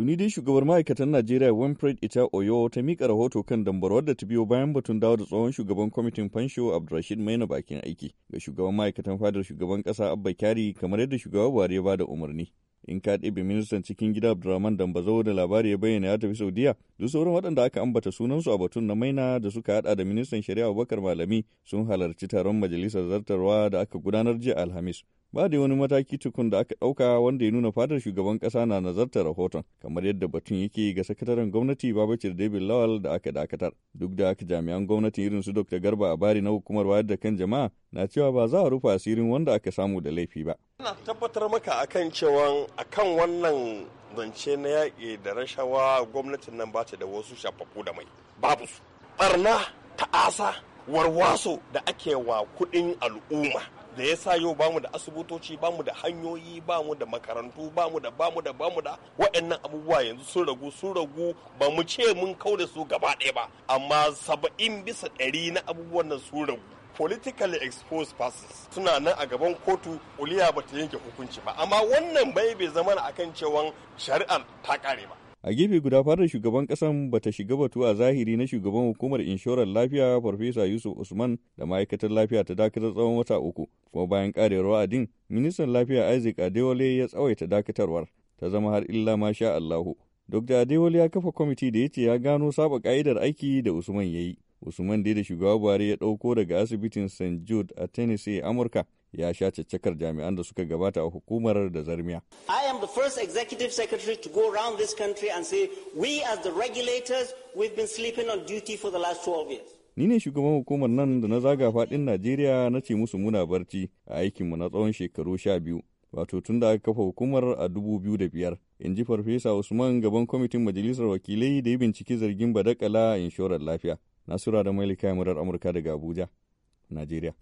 Tuni dai shugabar ma'aikatan Najeriya Winfred Ita Oyo ta mika rahoto kan dambarwar da ta biyo bayan batun dawo da tsohon shugaban kwamitin fansho Abdulrashid Maina bakin aiki ga shugaban ma'aikatan fadar shugaban kasa Abba Kyari kamar yadda shugaban Buhari ya bada umarni. In ka ɗebe ministan cikin gida Abdulrahman Dambazo da labari ya bayyana ya tafi Saudiya, duk sauran waɗanda aka ambata sunansu a batun na Maina da suka haɗa da ministan shari'a Abubakar Malami sun halarci taron majalisar zartarwa da aka gudanar jiya Alhamis. ba da wani mataki tukun da aka ɗauka wanda ya nuna fadar shugaban ƙasa na nazartar rahoton kamar yadda batun yake ga sakataren gwamnati babacir david lawal da aka dakatar duk da aka jami'an gwamnati irin su dr garba a bari na hukumar wayar da kan jama'a na cewa ba za a rufe asirin wanda aka samu da laifi ba ina tabbatar maka akan cewa akan wannan zance na yaƙi da rashawa gwamnatin nan ba ta da wasu shafaffu da mai babu su barna asa warwaso da ake wa kuɗin al'umma da ya sa yau bamu da asibitoci bamu da hanyoyi bamu da makarantu bamu da bamu da bamu da waɗannan abubuwa yanzu sun ragu sun ragu ba mu ce mun kau da su gaba ɗaya ba amma saba'in bisa ɗari na abubuwan nan sun ragu politically exposed persons suna nan a gaban kotu uliya ba ta yanke hukunci ba amma wannan bai bai zama akan cewa shari'ar ta kare ba a gefe guda fadar shugaban kasan bata shiga batu a zahiri na shugaban hukumar inshorar lafiya farfesa yusuf usman da ma'aikatar lafiya ta dakatar tsawon wata uku kuma bayan karewar wa'adin ministan lafiya Isaac Adewale ya tsawaita dakatarwar ta zama har illa ma sha Allahu. Dr. Adewale ya kafa kwamiti da ya ce ya gano saba ka'idar aiki da Usman ya yi. Usman dai da shugaba Buhari ya ɗauko daga asibitin St. Jude a Tennessee, Amurka, ya sha caccakar jami'an da suka gabata a hukumar da zarmiya. I am the first executive secretary to go around this country and say we as the regulators we've been sleeping on duty for the last 12 years. Ni ne shugaban hukumar nan da na zaga faɗin Najeriya na ce musu muna barci a aikinmu na tsawon shekaru sha biyu. Wato tun da aka kafa hukumar a dubu biyu da biyar. In ji Farfesa Usman gaban kwamitin majalisar wakilai da ya binciki zargin badakala inshorar lafiya. Nasura da Malika Murar Amurka daga Abuja, Najeriya.